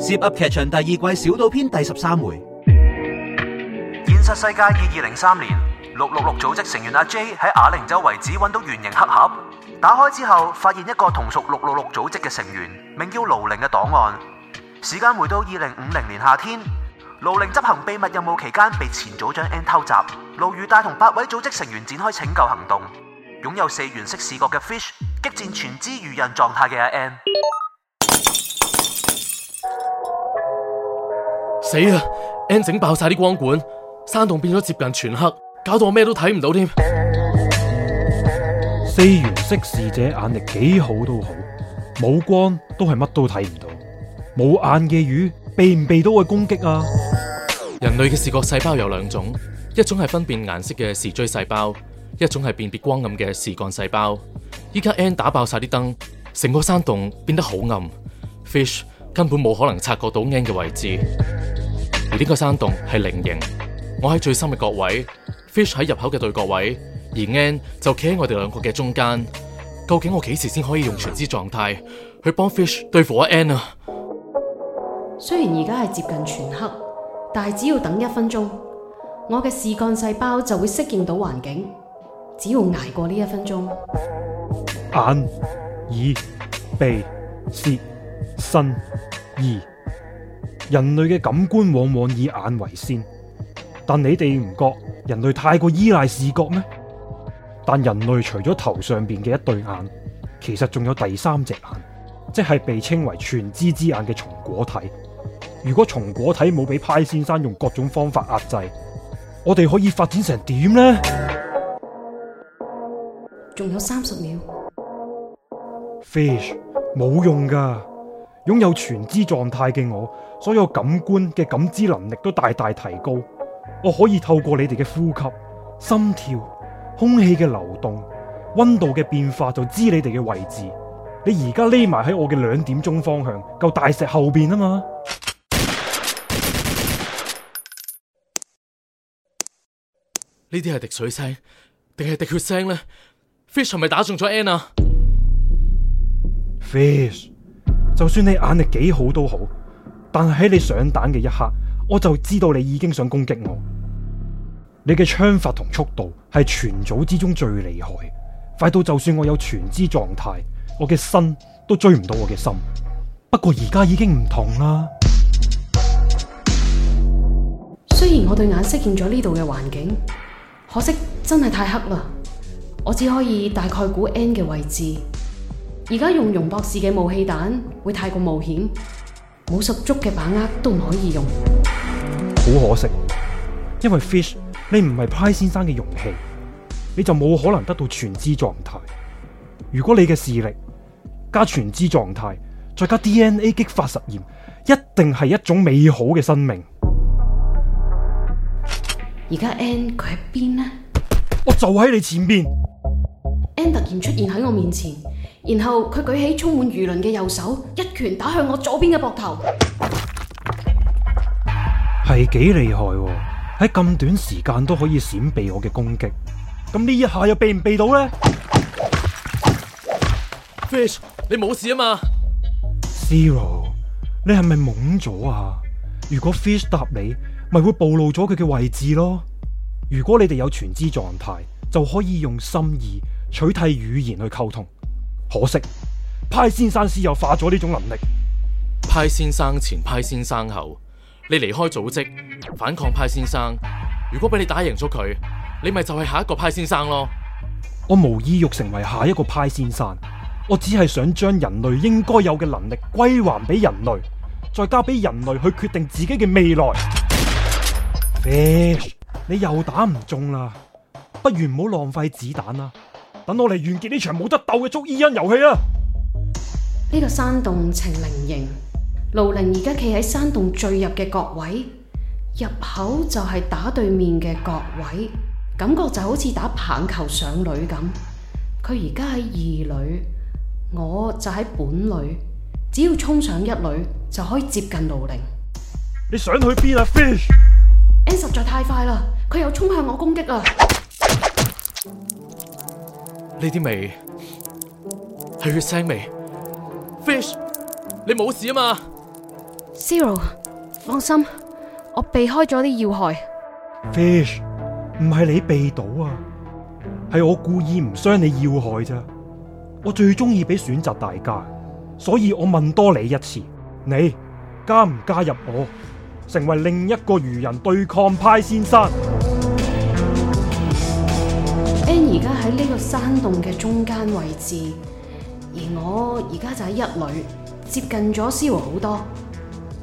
Zip 噏劇場第二季小島篇第十三回。現實世界二二零三年，六六六組織成員阿 J 喺啞鈴洲遺址揾到圓形黑盒，打開之後發現一個同屬六六六組織嘅成員，名叫盧零嘅檔案。時間回到二零五零年夏天，盧零執行秘密任務期間被前組長 N 偷襲，盧如帶同八位組織成員展開拯救行動。擁有四原色視覺嘅 Fish，激戰全知魚人狀態嘅阿 N。死啦！啊！N 整爆晒啲光管，山洞變咗接近全黑，搞到我咩都睇唔到添。四原色視者眼力幾好都好，冇光都係乜都睇唔到。冇眼嘅魚，避唔避到我嘅攻擊啊？人類嘅視覺細胞有兩種，一種係分辨顏色嘅視錐細胞，一種係辨別光暗嘅視桿細胞。依家 N 打爆晒啲燈，成個山洞變得好暗，Fish 根本冇可能察覺到 N 嘅位置。而呢個山洞係菱形，我喺最深嘅角位，Fish 喺入口嘅對角位，而 N 就企喺我哋兩個嘅中間。究竟我幾時先可以用全知狀態去幫 Fish 對付阿 N 啊？雖然而家係接近全黑，但係只要等一分鐘，我嘅視桿細胞就會適應到環境。只要捱過呢一分鐘，眼、耳、鼻、舌、身、意。人類嘅感官往往以眼為先，但你哋唔覺人類太過依賴視覺咩？但人類除咗頭上面嘅一對眼，其實仲有第三隻眼，即係被稱為全知之眼嘅松果體。如果松果體冇俾派先生用各種方法壓制，我哋可以發展成點呢？仲有三十秒，fish，冇用噶。擁有全知狀態嘅我，所有感官嘅感知能力都大大提高。我可以透過你哋嘅呼吸、心跳、空氣嘅流動、溫度嘅變化，就知你哋嘅位置。你而家匿埋喺我嘅兩點鐘方向，嚿大石後邊啊嘛？呢啲係滴水聲，定係滴血聲呢？Fish 係咪打中咗 N 啊？Fish。就算你眼力幾好都好，但係喺你上彈嘅一刻，我就知道你已經想攻擊我。你嘅槍法同速度係全組之中最厲害，快到就算我有全知狀態，我嘅身都追唔到我嘅心。不過而家已經唔同啦。雖然我對眼適應咗呢度嘅環境，可惜真係太黑啦，我只可以大概估 N 嘅位置。而家用容博士嘅霧氣彈會太過冒險，冇十足嘅把握都唔可以用。好可惜，因為 Fish 你唔係 π 先生嘅容器，你就冇可能得到全知狀態。如果你嘅視力加全知狀態再加 DNA 激發實驗，一定係一種美好嘅生命。而家 N 佢喺邊呢？我就喺你前面。N 突然出現喺我面前。嗯然後佢舉起充滿魚鱗嘅右手，一拳打向我左邊嘅膊頭，係幾厲害喎、啊！喺咁短時間都可以閃避我嘅攻擊，咁呢一下又避唔避到呢？Fish 你冇事啊嘛？Zero，你係咪懵咗啊？如果 Fish 答你，咪會暴露咗佢嘅位置咯。如果你哋有全知狀態，就可以用心意取替語言去溝通。可惜，派先生私有化咗呢種能力。派先生前，派先生後，你離開組織，反抗派先生。如果俾你打贏咗佢，你咪就係下一個派先生咯。我無意欲成為下一個派先生，我只係想將人類應該有嘅能力歸還俾人類，再交俾人類去決定自己嘅未來。Fish，欸，你又打唔中啦，不如唔好浪費子彈啦。等我嚟完結呢場冇得鬥嘅捉衣因遊戲啊！呢個山洞呈菱形，盧零而家企喺山洞最入嘅角位，入口就係打對面嘅角位，感覺就好似打棒球上壘咁。佢而家喺二壘，我就喺本壘，只要衝上一壘就可以接近盧零。你想去邊啊，Fish？N 實在太快啦，佢又衝向我攻擊啦！呢啲味係血腥味，Fish，你冇事啊嘛？Zero，放心，我避開咗啲要害。Fish，唔係你避到啊，係我故意唔傷你要害咋。我最中意俾選擇大家，所以我問多你一次，你加唔加入我，成為另一個魚人對抗派先生？而家喺呢個山洞嘅中間位置，而我而家就喺一壘，接近咗 Zero 好多，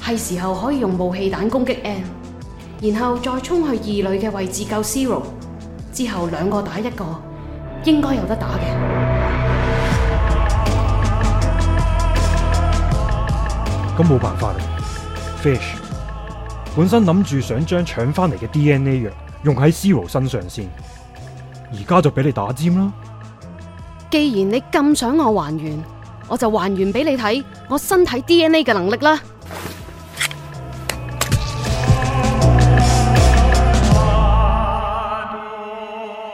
係時候可以用霧氣彈攻擊 N，然後再衝去二壘嘅位置救 Zero，之後兩個打一個，應該有得打嘅。咁冇辦法啦，Fish。本身諗住想將搶翻嚟嘅 DNA 藥用喺 Zero 身上先。而家就俾你打尖啦！既然你咁想我還原，我就還原俾你睇我身體 DNA 嘅能力啦。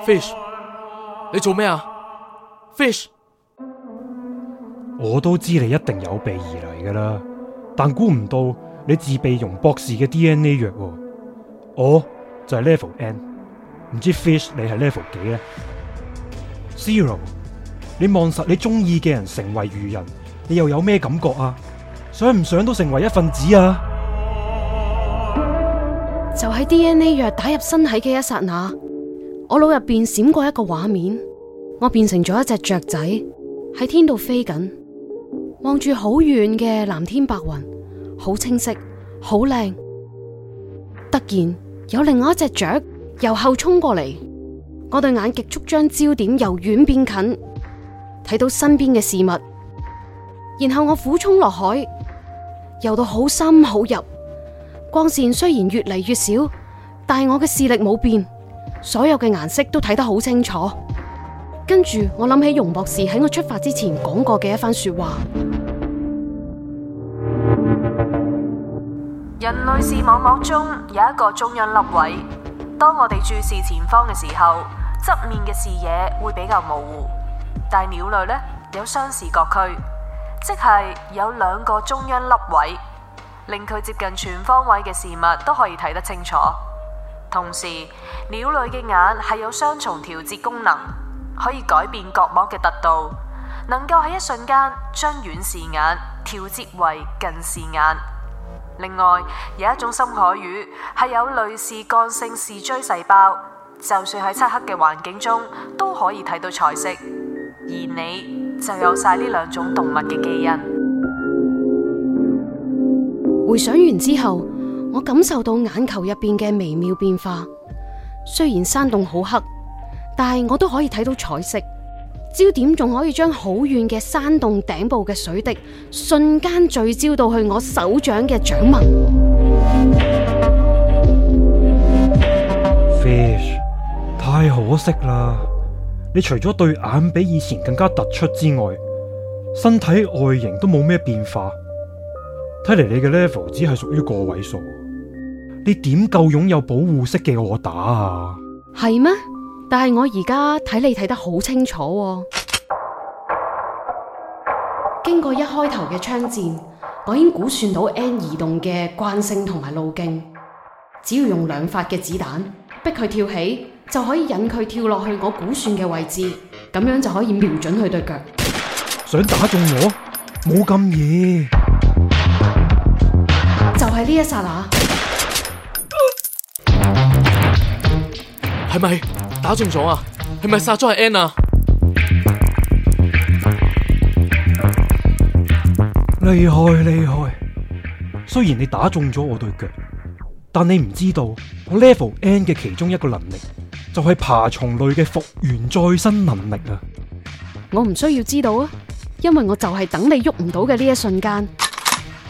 Fish，你做咩啊？Fish，我都知你一定有備而嚟噶啦，但估唔到你自備容博士嘅 DNA 藥，我就係 Level N。唔知 fish 你係 level 幾咧？Zero，你望實你中意嘅人成為魚人，你又有咩感覺啊？想唔想都成為一份子啊？就喺 DNA 藥打入身體嘅一剎那，我腦入面閃過一個畫面，我變成咗一隻雀仔喺天度飛緊，望住好遠嘅藍天白雲，好清晰，好靚。突然有另外一隻雀。由後衝過嚟，我對眼極速將焦點由遠變近，睇到身邊嘅事物。然後我俯衝落海，游到好深好入。光線雖然越嚟越少，但係我嘅視力冇變，所有嘅顏色都睇得好清楚。跟住我諗起容博士喺我出發之前講過嘅一番說話：人類視網膜中有一個中央凹位。當我哋注視前方嘅時候，側面嘅視野會比較模糊，但鳥類呢，有雙視角區，即係有兩個中央凹位，令佢接近全方位嘅事物都可以睇得清楚。同時，鳥類嘅眼係有雙重調節功能，可以改變角膜嘅凸度，能夠喺一瞬間將遠視眼調節為近視眼。另外，有一種深海魚係有類似桿性視錐細胞，就算喺漆黑嘅環境中都可以睇到彩色。而你就有晒呢兩種動物嘅基因。回想完之後，我感受到眼球入邊嘅微妙變化。雖然山洞好黑，但係我都可以睇到彩色。焦點仲可以將好遠嘅山洞頂部嘅水滴瞬間聚焦到去我手掌嘅掌紋。Fish，太可惜啦！你除咗對眼比以前更加突出之外，身體外形都冇咩變化。睇嚟你嘅 level 只係屬於個位數，你點夠擁有保護式嘅我打啊？係咩？但係我而家睇你睇得好清楚，哦，經過一開頭嘅槍戰，我已經估算到 N 移動嘅慣性同埋路徑，只要用兩發嘅子彈逼佢跳起，就可以引佢跳落去我估算嘅位置，咁樣就可以瞄準佢對腳。想打中我，冇咁易，就係呢一剎那，係咪？打中咗啊！係咪殺咗阿 N 啊？厲害厲害！雖然你打中咗我對腳，但你唔知道我 Level N 嘅其中一個能力就係爬蟲類嘅復原再生能力啊！我唔需要知道啊，因為我就係等你喐唔到嘅呢一瞬間，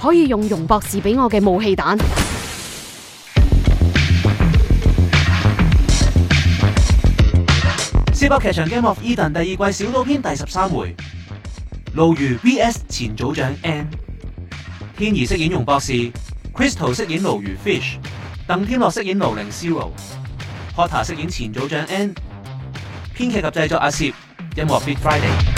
可以用容博士俾我嘅武器彈。Zip 噏劇場《of Game of Eden》第二季小島篇第十三回，盧如 VS 前組長 N，天兒飾演容博士，Crystal 飾演盧如 Fish，鄧天樂飾演盧零 Zero，Hotta 飾演前組長 N，編劇及製作阿攝，音樂 fit Friday。